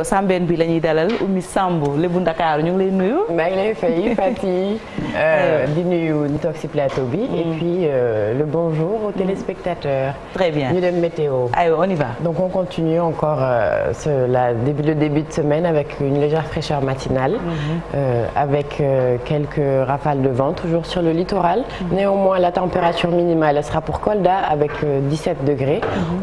sàmbeen bi la ñuy dalal Oumy Samb lébu Ndakaaru ñu ngi lay nuyu. Euh, di nuyu ñu toog ci bi. Mm. Euh, le bonjour aux mm. téléspectateurs. très bien ñu dem météo. aywa euh, la début de semaine avec une légère fraîcheur matinale. Mm -hmm. euh, avec quelques rafales de vent toujours sur le littoral. Mm-hmm. la température minimale elle sera pour Kolda avec 17 degrés. Mm-hmm.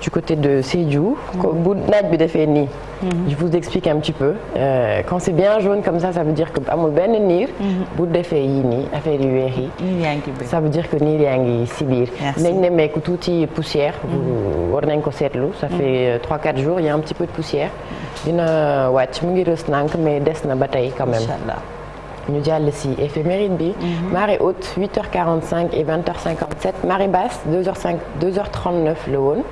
du côté de Sédhiou. bu naaj bi defee nii. Mm-hmm. je vous explique un petit peu. Euh, quand c'est bien jaune comme ça veut dire que amul benn niir. Mm-hmm. bu defee yii nii affaire yu weex yi. ça veut dire que niir yaa ngi si biir. nañ nemmeeku tuuti poussière. Mm-hmm. war nañ ko seetlu. ça fait 3-4 euh, jours il y a un petit peu de poussière. dina wàcc mu ngi rës nànk mais des na ba tey quand même. ñu jàll si éphéméride bi. Mhm. marée haute 8h45 et 20h57 marée basse 2h5 2h39 la woon.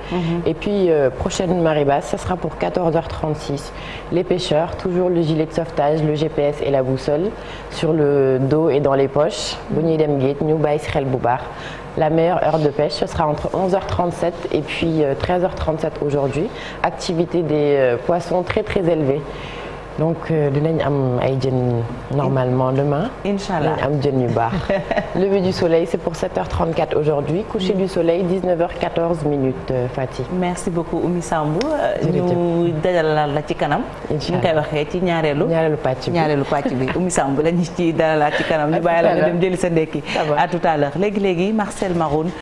et puis euh, prochaine marée basse ça sera pour 14h36 les pêcheurs toujours le gilet de sauvetage le GPS et la boussole sur le dos et dans les poches bu ñuy dem géej ñu bàyyi si xel bu baax. La meilleure heure de pêche, ce sera entre 11h37 et puis 13h37 euh, aujourd'hui. Activité des euh, poissons donc euh, dinañ am ay jën normalement demain. incha allah dinañ am jën yu baax. lever du soleil c'est pour 7h34 aujourd'hui coucher du soleil 19h14 minutes euh, Fati. merci beaucoup Oumy Samb. Euh, ñu dalal la ci kanam. incha allah ñu koy waxee ci ñaareelu. ñaareelu pàcc bi ñaareelu pàcc bi Oumy Samb lañu ci dalalaat ci kanam. ñu bàyyi la dem jëli sa ndekki. à tout à l'heure léegi léegi Marcel Maroun.